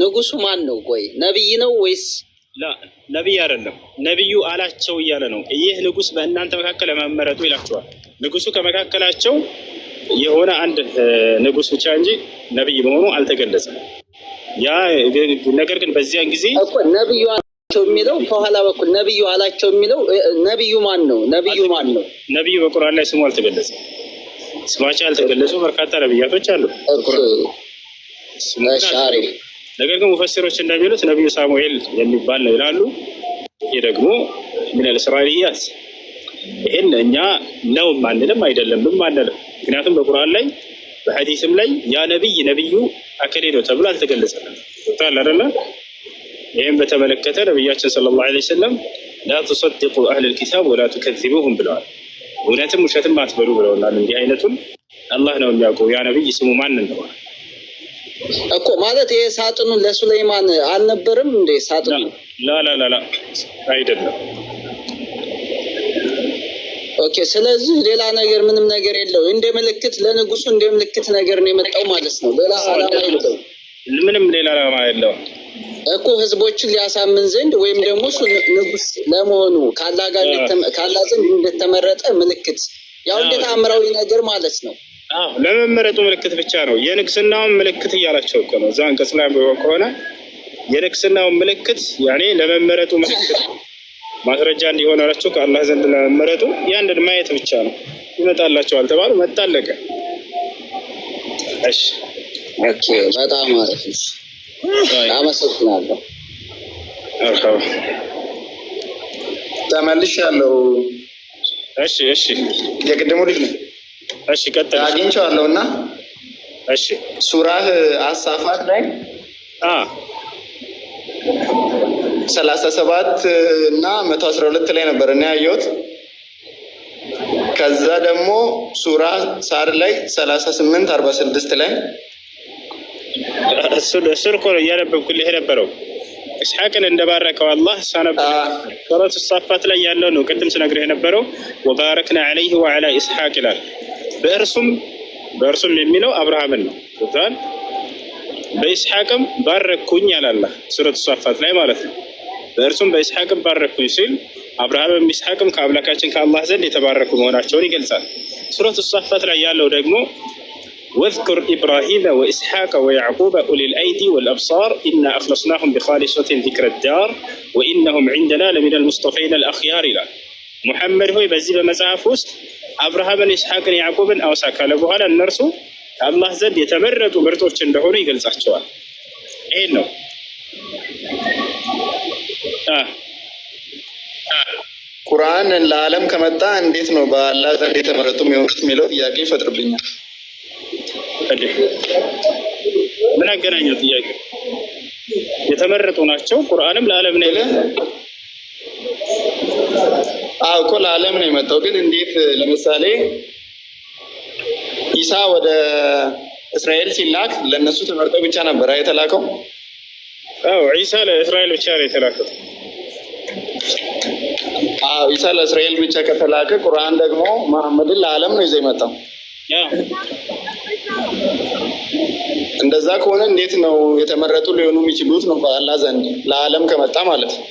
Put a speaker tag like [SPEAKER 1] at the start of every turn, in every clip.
[SPEAKER 1] ንጉሱ ማን ነው? ቆይ ነቢይ ነው ወይስ
[SPEAKER 2] ነቢይ አይደለም? ነቢዩ አላቸው እያለ ነው። ይህ ንጉስ በእናንተ መካከል ለመመረጡ ይላቸዋል። ንጉሱ ከመካከላቸው የሆነ አንድ ንጉስ ብቻ እንጂ ነቢይ መሆኑ አልተገለጸም። ያ ነገር ግን በዚያን ጊዜ
[SPEAKER 1] ነቢዩ አላቸው የሚለው ከኋላ በኩል ነቢዩ አላቸው የሚለው ነቢዩ ማን ነው? ነቢዩ ማን ነው?
[SPEAKER 2] ነቢዩ በቁርአን ላይ ስሙ አልተገለጸም። ስማቸው ያልተገለጹ በርካታ ነቢያቶች አሉ። ነገር ግን ሙፈሲሮች እንደሚሉት ነቢዩ ሳሙኤል የሚባል ነው ይላሉ። ይህ ደግሞ ምን እስራኤልያት ይህን እኛ ነው ማንልም አይደለም ማንልም። ምክንያቱም በቁርአን ላይ በሐዲስም ላይ ያ ነቢይ ነቢዩ አከሌ ነው ተብሎ አልተገለጸም። ታል አደለ። ይህም በተመለከተ ነቢያችን ሰለላሁ ዐለይሂ ወሰለም ላ ቱሰድቁ አህል ኪታብ ወላ ቱከዚቡሁም ብለዋል። እውነትም ውሸትም አትበሉ ብለውናል። እንዲህ አይነቱን አላህ ነው የሚያውቀው። ያ ነቢይ ስሙ ማን እንደሆነ
[SPEAKER 1] እኮ ማለት ይሄ ሳጥኑ ለሱለይማን አልነበርም እንዴ? ሳጥኑ
[SPEAKER 2] ላላላላ አይደለም።
[SPEAKER 1] ኦኬ። ስለዚህ ሌላ ነገር ምንም ነገር የለው። እንደ ምልክት ለንጉሱ እንደ ምልክት ነገር ነው የመጣው ማለት ነው። ሌላ አላማ የለው።
[SPEAKER 2] ምንም ሌላ አላማ የለው
[SPEAKER 1] እኮ ህዝቦችን ሊያሳምን ዘንድ ወይም ደግሞ እሱ ንጉስ ለመሆኑ ካላ ጋር ካላ ዘንድ እንደተመረጠ ምልክት ያው እንደ ነገር ማለት ነው።
[SPEAKER 2] ለመመረጡ ምልክት ብቻ ነው። የንግስናውን ምልክት እያላቸው እኮ ነው። እዛ አንቀጽ ላይ ከሆነ የንግስናውን ምልክት ያኔ ለመመረጡ ምልክት ማስረጃ እንዲሆን አላቸው። ከአላህ ዘንድ ለመመረጡ ያንን ማየት ብቻ ነው። ይመጣላቸዋል አልተባሉ መጣለቀ። እሺ፣
[SPEAKER 1] በጣም አሪፍ አመሰግናለሁ። ተመልሽ ያለው እሺ፣ እሺ፣ የቅድሙ ልጅ ነው። እሺ ቀጥል። አግኝቼዋለሁ እና እሺ ሱራህ አሳፋት ላይ ሰላሳ ሰባት እና መቶ አስራ ሁለት ላይ ነበር እና ያየሁት። ከዛ ደግሞ ሱራ ሳር ላይ ሰላሳ ስምንት አርባ ስድስት ላይ
[SPEAKER 2] እሱን እኮ ይሄ የነበረው እስሐቅን እንደባረከው አላህ ሳነብ ሱረቱ ሳፋት ላይ ያለው ነው። ቅድም ስነግርህ የነበረው ወባረክና ዐለይህ ወዐላ ኢስሐቅ ይላል። በእርሱም በእርሱም የሚለው አብርሃምን ነው ቶታል በኢስሐቅም ባረኩኝ ያላላ ሱረቱ ሷፋት ላይ ማለት ነው። በእርሱም በኢስሐቅም ባረኩኝ ሲል አብርሃምም ኢስሐቅም ከአምላካችን ከአላህ ዘንድ የተባረኩ መሆናቸውን ይገልጻል። ሱረቱ ሷፋት ላይ ያለው ደግሞ ወዝኩር ኢብራሂመ ወኢስሐቀ ወያዕቁበ ኡሊል አይዲ ወልአብሳር ኢና አክለስናሁም ቢኻሊሶትን ዚክረ ዳር ወኢነሁም ዒንደና ለሚነል ሙስጠፈይነል አኽያር ይላል። ሙሐመድ ሆይ በዚህ በመጽሐፍ ውስጥ አብርሃምን፣ ይስሐቅን፣ ያዕቆብን አውሳ ካለ በኋላ እነርሱ ከአላህ ዘንድ የተመረጡ ምርጦች እንደሆኑ ይገልጻቸዋል። ይሄን ነው
[SPEAKER 1] ቁርአን ለዓለም ከመጣ እንዴት ነው በአላህ ዘንድ የተመረጡ የሆኑት የሚለው ጥያቄ ይፈጥርብኛል።
[SPEAKER 2] ምን አገናኘው ጥያቄ? የተመረጡ ናቸው። ቁርአንም ለዓለም ነው
[SPEAKER 1] እኮ ለዓለም ነው የመጣው። ግን እንዴት ለምሳሌ ኢሳ ወደ እስራኤል ሲላክ ለእነሱ ተመርጠው ብቻ ነበር የተላከው።
[SPEAKER 2] አዎ ኢሳ ለእስራኤል ብቻ ነው የተላከው።
[SPEAKER 1] አዎ ኢሳ ለእስራኤል ብቻ ከተላከ፣ ቁርአን ደግሞ መሐመድን ለዓለም ነው ይዘ የመጣው። እንደዛ ከሆነ እንዴት ነው የተመረጡ ሊሆኑ የሚችሉት? ነው በአላህ ዘንድ ለዓለም ከመጣ ማለት ነው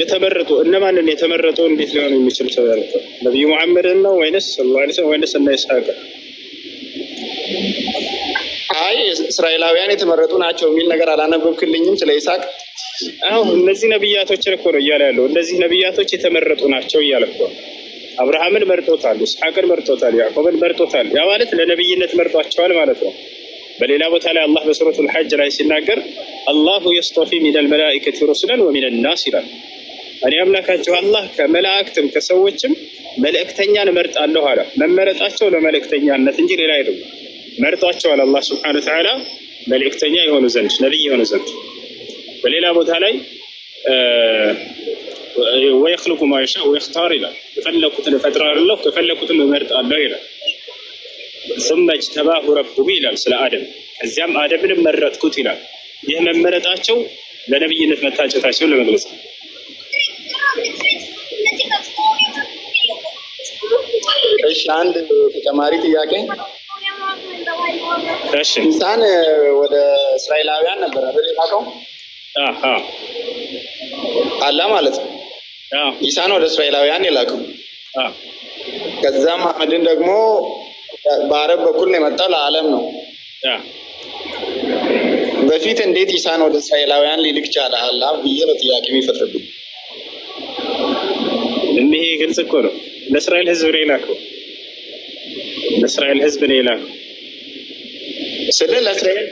[SPEAKER 2] የተመረጡ እነማንን የተመረጡ እንዴት ሊሆን የሚችል ተመረጡ? ነቢዩ ሙሐመድን ነው ወይንስ ወይንስ እና ይስሐቅ?
[SPEAKER 1] አይ እስራኤላውያን የተመረጡ ናቸው የሚል ነገር አላነበብክልኝም ስለ ይስሐቅ።
[SPEAKER 2] አሁ እነዚህ ነቢያቶችን እኮ ነው እያለ ያለው። እነዚህ ነቢያቶች የተመረጡ ናቸው እያለ እኮ አብርሃምን መርጦታል፣ ይስሐቅን መርጦታል፣ ያዕቆብን መርጦታል። ያ ማለት ለነብይነት መርጧቸዋል ማለት ነው። በሌላ ቦታ ላይ አላህ በሱረቱል ሐጅ ላይ ሲናገር አላሁ የስጠፊ ሚነል መላኢከት ሩስለን ወሚነን ናስ ይላል። እኔ አምላካቸው አላህ ከመላእክትም ከሰዎችም መልእክተኛን እመርጣለሁ አለ። መመረጣቸው ለመልእክተኛነት እንጂ ሌላ አይደለም። መርጧቸዋል አላህ ስብሐነሁ ወተዓላ መልእክተኛ የሆኑ ዘንድ ነቢይ የሆኑ ዘንድ። በሌላ ቦታ ላይ ወየክልቁ ማይሻ ወየክታር ይላል። የፈለኩትን እፈጥራለሁ ከፈለኩትም እመርጣለሁ ይላል። ሱመ እጅተባሁ ረቡሁ ይላል ስለ አደም። ከዚያም አደምን መረጥኩት ይላል። ይህ መመረጣቸው ለነቢይነት መታጨታቸውን ለመግለጽ ነው።
[SPEAKER 1] እሺ፣ አንድ ተጨማሪ ጥያቄ። እሺ፣ ወደ እስራኤላውያን ነበር አይደል የላከው? አላ ማለት ነው። ኢሳን ወደ እስራኤላውያን የላከው ከዛም አህመድን ደግሞ በአረብ በኩል ነው የመጣው፣ ለአለም ነው። በፊት እንዴት ኢሳን ወደ እስራኤላውያን ሊልክ ቻለ? አላ ብዬ ነው ጥያቄ የሚፈጥርብኝ።
[SPEAKER 2] እኒሄ ግልጽ እኮ ነው። ለእስራኤል ህዝብ ነው የላከው። ለእስራኤል ህዝብ ነው ይላል
[SPEAKER 1] ስለ ለእስራኤል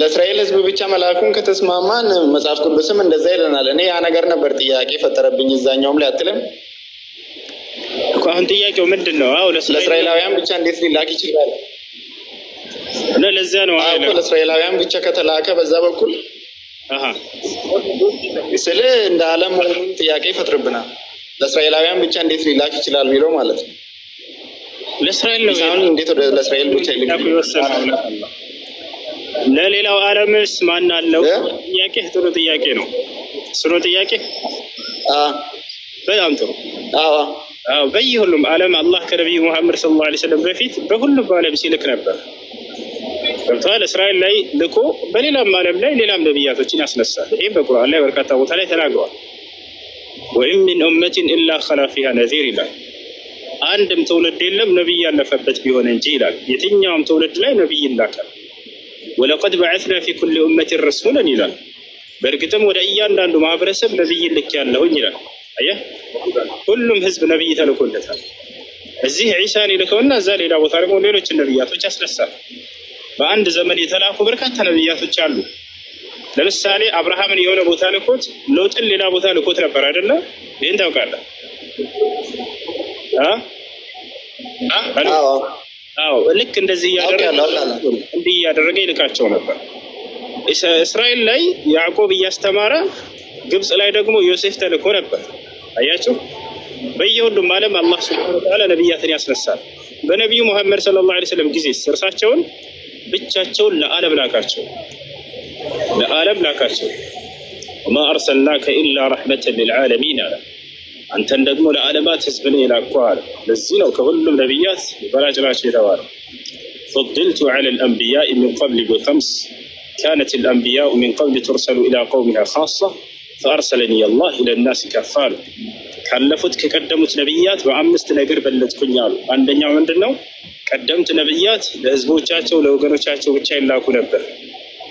[SPEAKER 1] ለእስራኤል ህዝብ ብቻ መልአኩን ከተስማማን መጽሐፍ ቅዱስም እንደዛ ይለናል። እኔ ያ ነገር ነበር ጥያቄ ፈጠረብኝ። እዛኛውም ላይ አትልም
[SPEAKER 2] እኮ አሁን ጥያቄው ምንድን ነው? አዎ ለእስራኤላውያን ብቻ እንዴት ሊላክ ይችላል? ለዚያ ነው
[SPEAKER 1] ለእስራኤላውያን ብቻ ከተላከ በዛ በኩል ስል እንደ ዓለም መሆኑን ጥያቄ ይፈጥርብናል። ለእስራኤላውያን ብቻ እንዴት ሊላክ ይችላል የሚለው ማለት ነው። ለእስራኤል ነው። አሁን እንዴት
[SPEAKER 2] ለሌላው ዓለምስ ማን አለው? ጥያቄ ጥሩ ጥያቄ ነው። ስኖ ጥያቄ በጣም ጥሩ። አዎ በየሁሉም ዓለም አላህ ከነቢዩ ሙሐመድ ሰለላሁ ዐለይሂ ወሰለም በፊት በሁሉም ዓለም ሲልክ ነበር። ገብተዋል። እስራኤል ላይ ልኮ በሌላም ዓለም ላይ ሌላም ነቢያቶችን ያስነሳል። ይህም በቁርአን ላይ በርካታ ቦታ ላይ ተናግሯል። ወኢን ሚን ኡመቲን ኢላ ኸላ ፊሃ ነዚር ይላል አንድም ትውልድ የለም ነቢይ ያለፈበት ቢሆን እንጂ ይላል። የትኛውም ትውልድ ላይ ነቢይ ይላካል። ወለቀድ በዐትና ፊ ኩል ኡመትን ረሱለን ይላል። በእርግጥም ወደ እያንዳንዱ ማህበረሰብ ነቢይ ልክ ያለሁኝ ይላል። አየህ ሁሉም ህዝብ ነቢይ ተልኮለታል። እዚህ ዒሳን ይልከውና እዛ ሌላ ቦታ ደግሞ ሌሎችን ነቢያቶች ያስነሳል። በአንድ ዘመን የተላኩ በርካታ ነቢያቶች አሉ። ለምሳሌ አብርሃምን የሆነ ቦታ ልኮት፣ ሎጥን ሌላ ቦታ ልኮት ነበር አይደለ? ይህን ታውቃለህ። ልክ እንደዚህ እንዲህ እያደረገ ይልካቸው ነበር። እስራኤል ላይ ያዕቆብ እያስተማረ፣ ግብፅ ላይ ደግሞ ዮሴፍ ተልኮ ነበር። አያቸው በየሁሉም ዓለም አላህ ስብሐነ ወተዓላ ነቢያትን ያስነሳል። በነቢዩ ሙሐመድ ሰለላሁ ዐለይሂ ወሰለም ጊዜ እርሳቸውን ብቻቸውን ለዓለም ላካቸው ለዓለም ላካቸው ወማ አርሰልናከ ኢላ ረሕመተን ልልዓለሚን አላ አንተን ደግሞ ለዓለማት ህዝብ ነህ የላኩህ አለ። ለዚህ ነው ከሁሉም ነቢያት በላጭ ናቸው የተባለው። ፉድልቱ ዐለ ልአንቢያኢ ሚን ቀብሊ ብከምስ ካነት ልአንቢያኡ ሚን ቀብሊ ቱርሰሉ ኢላ ቀውሚሃ ካሳ ፈአርሰለኒ አላህ ኢለናስ ከፋ አሉ። ካለፉት ከቀደሙት ነቢያት በአምስት ነገር በለጥኩኝ አሉ። አንደኛው ምንድን ነው? ቀደምት ነቢያት ለህዝቦቻቸው ለወገኖቻቸው ብቻ ይላኩ ነበር።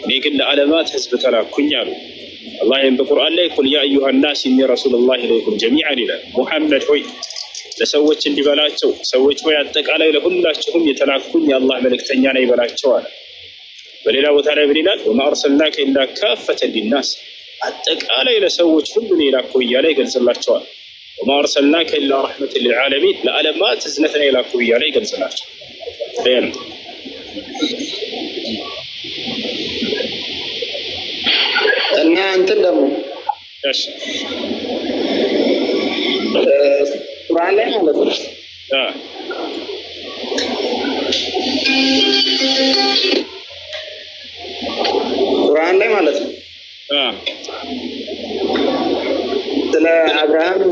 [SPEAKER 2] እኔ ግን ለዓለማት ህዝብ ተላኩኝ አሉ። አላህም በቁርአን ላይ ቁል ያ አዩሃ ናስ ኢኒ ረሱሉላህ ኢለይኩም ጀሚዓን ይላል። ሙሐመድ ሆይ ለሰዎች እንዲበላቸው ሰዎች ሆይ አጠቃላይ ለሁላችሁም የተላኩኝ የአላህ መልእክተኛ ነኝ በላቸው አለ። በሌላ ቦታ ላይ ምን ይላል? ወማ አርሰልናከ ኢላ ካፈተን ሊናስ አጠቃላይ ለሰዎች ሁሉን የላኩ እያለ ይገልጽላቸዋል። ወማ አርሰልናከ ኢላ ረሕመተን ሊልዓለሚን ለዓለማት እዝነት ነው የላኩ እያለ ይገልጽላቸዋል።
[SPEAKER 1] እና እንትን ደግሞ ቁርአን ላይ ማለት ነው ቁርአን ላይ ማለት ነው ስለ አብርሃም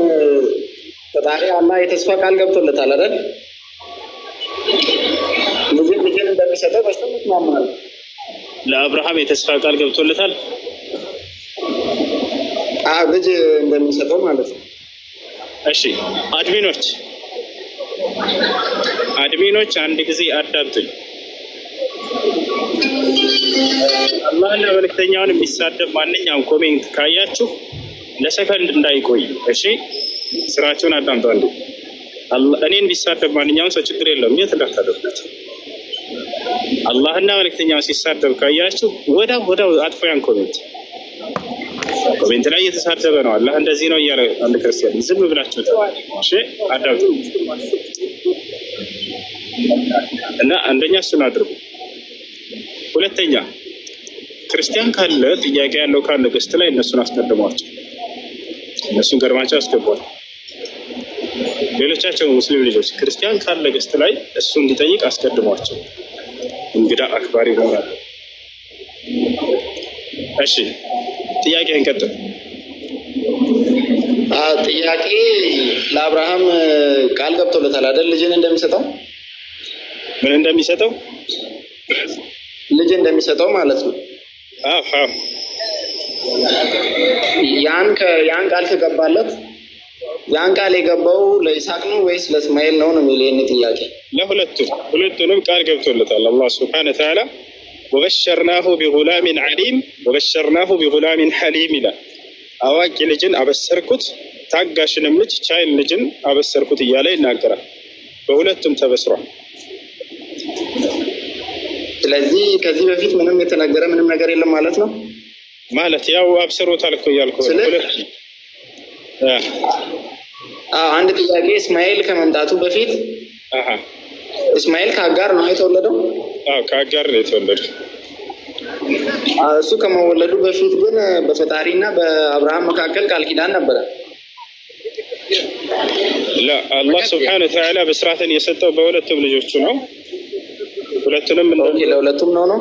[SPEAKER 1] ፈጣሪ አላህ የተስፋ ቃል ገብቶለታል አይደል? ልጅን ልጅን እንደሚሰጠው በሱ ምስማማል።
[SPEAKER 2] ለአብርሃም የተስፋ ቃል ገብቶለታል።
[SPEAKER 1] ልጅ እንደሚሰጠው ማለት ነው።
[SPEAKER 2] እሺ አድሚኖች አድሚኖች አንድ ጊዜ አዳምጡኝ። አላህና መልእክተኛውን የሚሳደብ ማንኛውም ኮሜንት ካያችሁ ለሰከንድ እንዳይቆይ እሺ፣ ስራችሁን አዳምጡ። አንዱ እኔን ቢሳደብ ማንኛውም ሰው ችግር የለውም፣ የት እንዳታደርጉት። አላህና መልእክተኛውን ሲሳደብ ካያችሁ ወዳው ወዳው አጥፎ ያን ኮሜንት ኮሜንት ላይ እየተሳደበ ነው። አላህ እንደዚህ ነው እያለ አንድ ክርስቲያን ዝም ብላቸው እሺ አዳምጡ እና አንደኛ እሱን አድርጉ። ሁለተኛ ክርስቲያን ካለ ጥያቄ ያለው ካለ ገስት ላይ እነሱን አስቀድሟቸው፣ እነሱን ገርማቸው አስገቧል። ሌሎቻቸው ሙስሊም ልጆች ክርስቲያን ካለ ገስት ላይ እሱ እንዲጠይቅ አስቀድሟቸው። እንግዳ አክባሪ ይሆናል። እሺ ጥያቄ እንቀጥል።
[SPEAKER 1] ጥያቄ ለአብርሃም ቃል ገብቶለታል አይደል? ልጅን እንደሚሰጠው
[SPEAKER 2] ምን እንደሚሰጠው
[SPEAKER 1] ልጅ እንደሚሰጠው ማለት ነው። ያን ቃል ከገባለት ያን ቃል የገባው ለይስሐቅ ነው ወይስ ለእስማኤል ነው ነው የሚል ጥያቄ።
[SPEAKER 2] ለሁለቱም ሁለቱንም ቃል ገብቶለታል አላህ ስብሐነ ተዓላ ወበሸርናሁ ቢጉላሚን ዓሊም ወበሸርናሁ ቢጉላሚን ሐሊም ይላል። አዋቂ ልጅን አበሰርኩት፣ ታጋሽንም ልጅ ቻይን ልጅን አበሰርኩት እያለ ይናገራል። በሁለቱም ተበስሯል።
[SPEAKER 1] ስለዚህ ከዚህ በፊት ምንም የተነገረ ምንም ነገር የለም ማለት ነው።
[SPEAKER 2] ማለት ያው አብስሮታል እኮ እያልኩ
[SPEAKER 1] አንድ ጥያቄ እስማኤል ከመምጣቱ በፊት እስማኤል ከአጋር ነው የተወለደው።
[SPEAKER 2] ከአጋር ነው የተወለደው።
[SPEAKER 1] እሱ ከመወለዱ በፊት ግን በፈጣሪ እና በአብርሃም መካከል ቃል ኪዳን ነበረ።
[SPEAKER 2] አላህ ስብሐነ ወተዓላ በስርዓትን የሰጠው በሁለቱም ልጆቹ ነው። ሁለቱንም
[SPEAKER 1] ለሁለቱም ነው ነው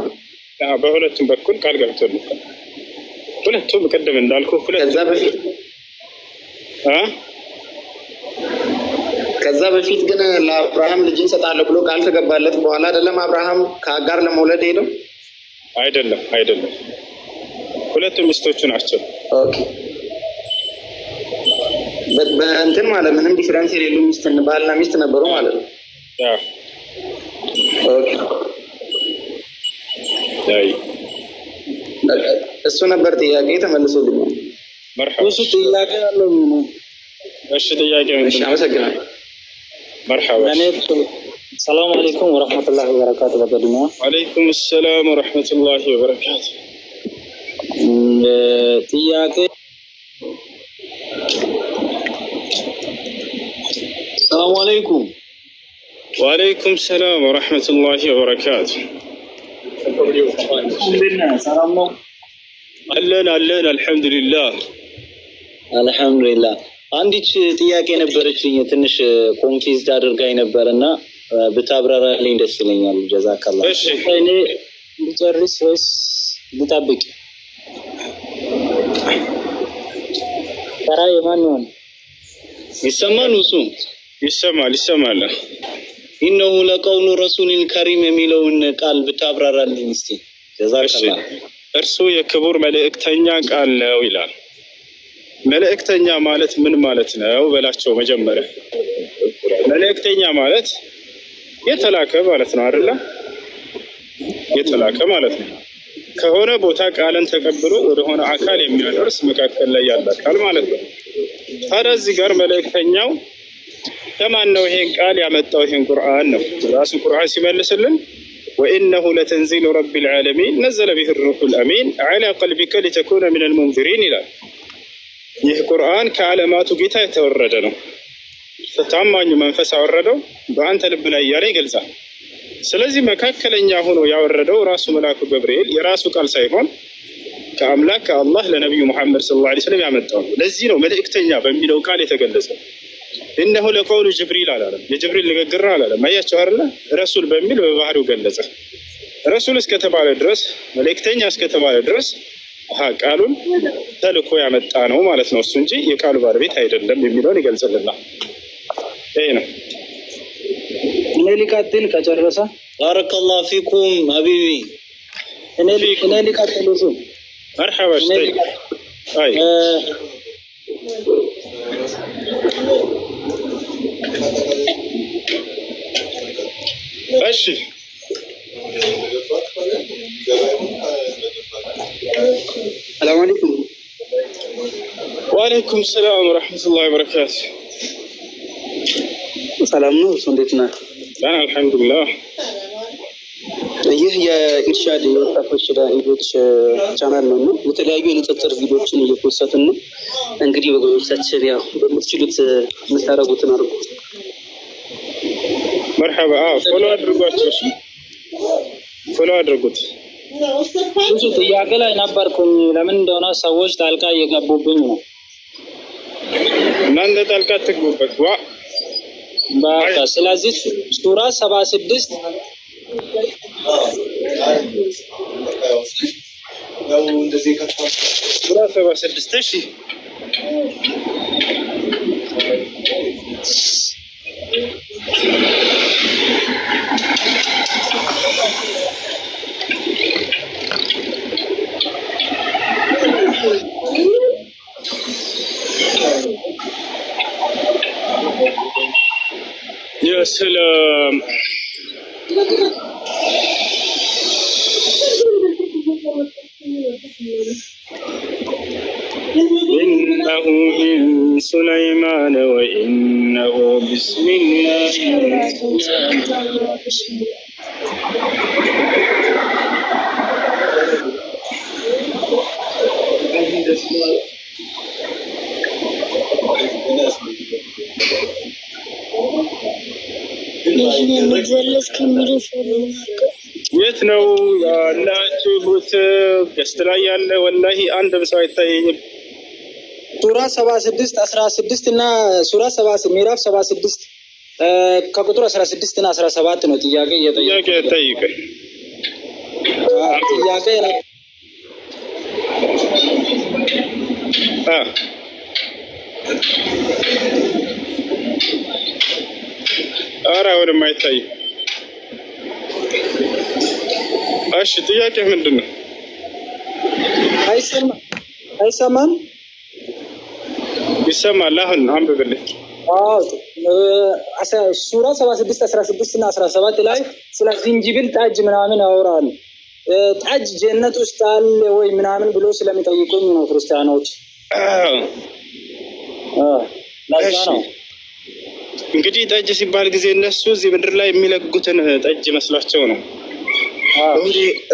[SPEAKER 2] በሁለቱም በኩል ቃል ገብቶልታል። ሁለቱም ቅድም እንዳልኩ
[SPEAKER 1] ከዛ በፊት ግን ለአብርሃም ልጅ እንሰጣለሁ ብሎ ቃል ከገባለት በኋላ አይደለም አብርሃም ከአጋር ለመውለድ ሄደው
[SPEAKER 2] አይደለም አይደለም፣ ሁለቱም ሚስቶቹ ናቸው።
[SPEAKER 1] በእንትን ማለት ምንም ዲፍረንስ የሌሉ ሚስት ባልና ሚስት ነበሩ ማለት ነው። እሱ ነበር ጥያቄ ተመልሶልኛል። እሱ ጥያቄ አለው። እሺ ጥያቄ አመሰግናለሁ። السلام عليكم ورحمة الله وبركاته بدرنا.
[SPEAKER 2] عليكم السلام ورحمة الله وبركاته.
[SPEAKER 1] آه، تياتي. السلام عليكم.
[SPEAKER 2] وعليكم السلام ورحمة الله وبركاته. ألنا ألنا الحمد لله.
[SPEAKER 1] الحمد لله. አንዲች ጥያቄ ነበረችኝ ትንሽ ኮንፊዝድ አድርጋኝ ነበረና ብታብራራልኝ ደስ ይለኛል። ጀዛካላ እኔ ልጨርስ ወይስ ልጠብቅ? ተራ የማን ሆነ?
[SPEAKER 2] ይሰማል? እሱ ይሰማል፣ ይሰማል።
[SPEAKER 1] ኢነሁ ለቀውሉ ረሱልን ከሪም የሚለውን ቃል ብታብራራልኝ እስቲ ጀዛከላ።
[SPEAKER 2] እርሱ የክቡር መልእክተኛ ቃል ነው ይላል። መልእክተኛ ማለት ምን ማለት ነው በላቸው። መጀመሪያ መልእክተኛ ማለት የተላከ ማለት ነው አይደለ? የተላከ ማለት ነው። ከሆነ ቦታ ቃልን ተቀብሎ ወደሆነ አካል የሚያደርስ መካከል ላይ ያለ ቃል ማለት ነው። ታዲያ እዚህ ጋር መልእክተኛው ከማን ነው ይሄን ቃል ያመጣው? ይሄን ቁርአን ነው። ራሱ ቁርአን ሲመልስልን ወኢነሁ ለተንዚሉ ረቢል ዓለሚን ነዘለ ቢህ ሩሑል አሚን ዓላ ቀልቢከ ሊተኩነ ሚነል ሙንዚሪን ይላል። ይህ ቁርአን ከዓለማቱ ጌታ የተወረደ ነው። ታማኙ መንፈስ አወረደው በአንተ ልብ ላይ እያለ ይገልጻል። ስለዚህ መካከለኛ ሆኖ ያወረደው ራሱ መልአኩ ገብርኤል የራሱ ቃል ሳይሆን ከአምላክ ከአላህ ለነቢዩ ሙሐመድ ሰለላሁ ዐለይሂ ወሰለም ያመጣው ነው። ለዚህ ነው መልእክተኛ በሚለው ቃል የተገለጸ እነሆ ለቀውሉ ጅብሪል አላለም፣ የጅብሪል ንግግር አላለም። አያቸው አይደለ? ረሱል በሚል በባህሪው ገለጸ። ረሱል እስከተባለ ድረስ መልእክተኛ እስከተባለ ድረስ ቃሉን ተልኮ ያመጣ ነው ማለት ነው እሱ እንጂ የቃሉ ባለቤት አይደለም የሚለውን ይገልጽልናል። ይሄ ነው።
[SPEAKER 1] እኔ ሊቀጥል ከጨረሰ ባረከላሁ ፊኩም ሀቢቢ። እኔ ሊቀጥል እሱ
[SPEAKER 2] መርሐባ እሺ ሰላም አለይኩም። ወአለይኩም ሰላም ወረሕመቱላሂ ወበረካቱ
[SPEAKER 1] ሰላም ነው። እሱ እንዴት ነህ?
[SPEAKER 2] አልሐምዱሊላህ።
[SPEAKER 1] ይህ የኢርሻድ የወጣቶች ዳኢዎች ቻናል ነው እና የተለያዩ የንጽጽር ቪዲዮችን እየፖሰትን ነው። እንግዲህ ወገኖቻችን ያው በምትችሉት የምታደርጉትን አድርጉ።
[SPEAKER 2] መርሐባ ፎሎ አድርጓቸው፣ ፎሎ አድርጉት።
[SPEAKER 1] ብዙ ጥያቄ ላይ ነበርኩኝ። ለምን እንደሆነ ሰዎች ጣልቃ እየገቡብኝ ነው።
[SPEAKER 2] እናንተ ጣልቃ ትግቡበት ዋ
[SPEAKER 1] በቃ ስለዚህ ሱራ ሰባ ስድስት
[SPEAKER 2] ሱራ ሰባ ስድስት እሺ سلام إنه من سليمان وإنه بسم الله الرحمن الرحيم የት ነው ያላችሁት? ገስት ላይ ያለ ወላሂ አንድም ሰው አይታየኝም።
[SPEAKER 1] ሱራ ሰባ ስድስት አስራ ስድስት እና ሱራ ሰባ ምዕራፍ ሰባ ስድስት ከቁጥር አስራ ስድስት እና አስራ ሰባት ነው ጥያቄ
[SPEAKER 2] እየጠየቀ ጠይቀ ጥያቄ ኧረ አሁንም አይታይም። እሺ፣ ጥያቄ ምንድን ነው? አይሰማም? ይሰማል። አሁን አንብብልኝ።
[SPEAKER 1] ሱራ ሰባ ስድስት አስራ ስድስት እና አስራ ሰባት ላይ ስለ ዝንጅብል ጣጅ ምናምን አወራል። ጣጅ ጀነት ውስጥ አለ ወይ ምናምን ብሎ ስለሚጠይቁኝ ነው ክርስቲያኖች።
[SPEAKER 2] ለዛ ነው እንግዲህ ጠጅ ሲባል ጊዜ እነሱ እዚህ ምድር ላይ የሚለጉትን ጠጅ መስሏቸው ነው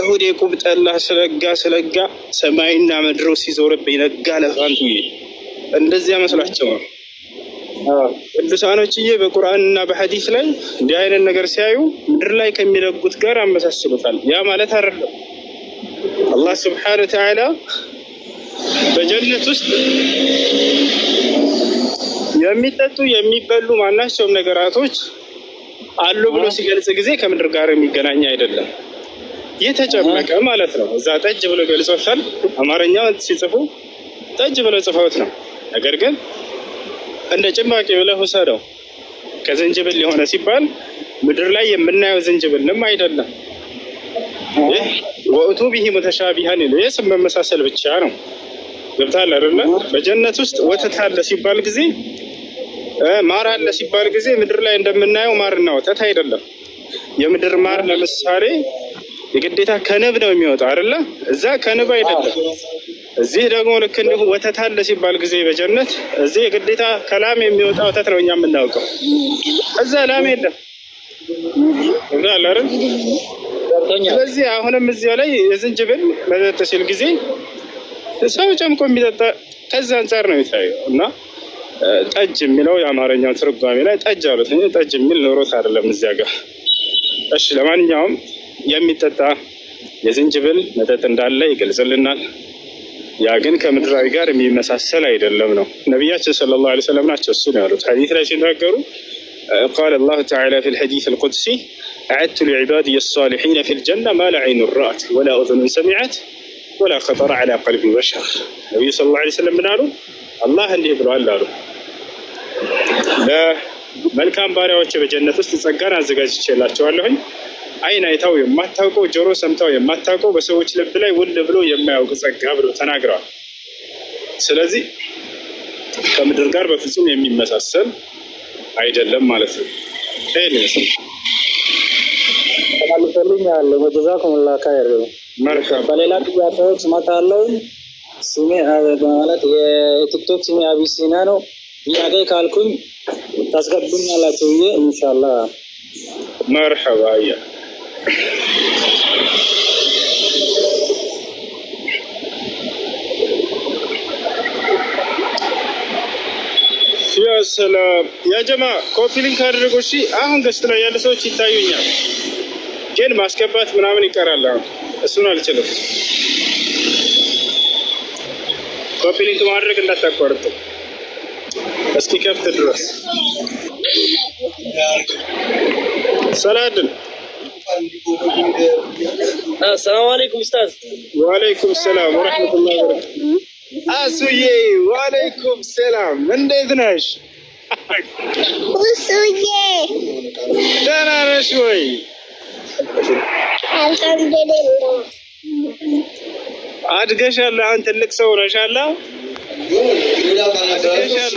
[SPEAKER 2] እሁዴ ቁብጠላ ስለጋ ስለጋ ሰማይና ምድሮ ሲዞርብኝ ነጋ ለፋንቱ እንደዚያ መስላቸው ነው። ቅዱሳኖችዬ በቁርአንና በሐዲስ ላይ እንዲህ አይነት ነገር ሲያዩ ምድር ላይ ከሚለጉት ጋር አመሳስሉታል። ያ ማለት አይደለም። አላህ ስብሓነ ወተዓላ በጀነት ውስጥ የሚጠጡ የሚበሉ ማናቸውም ነገራቶች አሉ ብሎ ሲገልጽ ጊዜ ከምድር ጋር የሚገናኝ አይደለም። የተጨመቀ ማለት ነው። እዛ ጠጅ ብሎ ገልጾታል። አማርኛውን ሲጽፉ ጠጅ ብሎ ጽፈውት ነው። ነገር ግን እንደ ጭማቂ ብለህ ውሰደው ከዝንጅብል የሆነ ሲባል ምድር ላይ የምናየው ዝንጅብልም አይደለም። ይህ ወቅቱ ብሂ ሙተሻቢሃን ይሉ የስም መመሳሰል ብቻ ነው። ገብታል አይደለ? በጀነት ውስጥ ወተት አለ ሲባል ጊዜ ማር አለ ሲባል ጊዜ ምድር ላይ እንደምናየው ማርና ወተት አይደለም። የምድር ማር ለምሳሌ የግዴታ ከንብ ነው የሚወጣው አይደለ? እዛ ከንብ አይደለም። እዚህ ደግሞ ልክ እንዲሁ ወተት አለ ሲባል ጊዜ በጀነት እዚህ የግዴታ ከላም የሚወጣ ወተት ነው እኛ የምናውቀው። እዛ ላም የለም አይደል? ስለዚህ አሁንም እዚ ላይ የዝንጅብል መጠጥ ሲል ጊዜ ሰው ጨምቆ የሚጠጣ ከዛ አንጻር ነው የሚታየው እና ጠጅ የሚለው የአማርኛው ትርጓሜ ላይ ጠጅ አሉት። ጠጅ የሚል ኖሮት አይደለም እዚያ ጋር። እሺ ለማንኛውም የሚጠጣ የዝንጅብል መጠጥ እንዳለ ይገልጽልናል። ያ ግን ከምድራዊ ጋር የሚመሳሰል አይደለም ነው። ነቢያችን ሰለላሁ ዐለይሂ ወሰለም ናቸው እሱ ነው ያሉት። ሐዲስ ላይ ሲናገሩ ቃለ ላሁ ተዓላ ፊ ልሐዲስ ልቁድሲ አዕድቱ ሊዕባድ የሳሊሒነ ፊ ልጀና ማ ላ ዐይኑ ረአት ወላ እዝኑን ሰሚዐት ወላ ኸጠረ ዐላ ቀልቢ በሸር። ነቢዩ ሰለላሁ ዐለይሂ ወሰለም ምን አሉ? አላህ እንዲህ ብለዋል አሉ ለመልካም ባሪያዎች በጀነት ውስጥ ጸጋን አዘጋጅቼላቸዋለሁኝ አይን አይታው የማታውቀው ጆሮ ሰምታው የማታውቀው በሰዎች ልብ ላይ ውል ብሎ የማያውቅ ጸጋ ብሎ ተናግረዋል። ስለዚህ ከምድር ጋር በፍጹም የሚመሳሰል አይደለም ማለት ነው። ይህን ይመስል
[SPEAKER 1] ተላልፈልኝ ያለው ወጀዛኩሙላ በሌላ ጥያቄዎች መታለው ስሜ ማለት የቲክቶክ ስሜ አቢሲና ነው። ጥያቄ ካልኩኝ ታስገቡኛላችሁ ብዬ ኢንሻላህ
[SPEAKER 2] መርሐባ እያ ሰላም ያጀማ ኮፒ ሊንክ አደረገው። እሺ አሁን ገስት ላይ ያለ ሰዎች ይታዩኛል፣ ግን ማስገባት ምናምን ይቀራል። አሁን እሱን አልችልም። ኮፒ ሊንክ ማድረግ እንዳታቋርጡ እስኪ ከፍት ድረስ ሰላድን
[SPEAKER 1] አሰላሙ አለይኩም ኡስታዝ።
[SPEAKER 2] ወአለይኩም ሰላም ወራህመቱላሂ ወበረካቱህ። አሱዬ ወአለይኩም ሰላም፣ እንዴት ነሽ? እሱዬ ደህና ነሽ ወይ?
[SPEAKER 1] አልሐምዱሊላህ።
[SPEAKER 2] አሁን ትልቅ ሰው ነሻላ።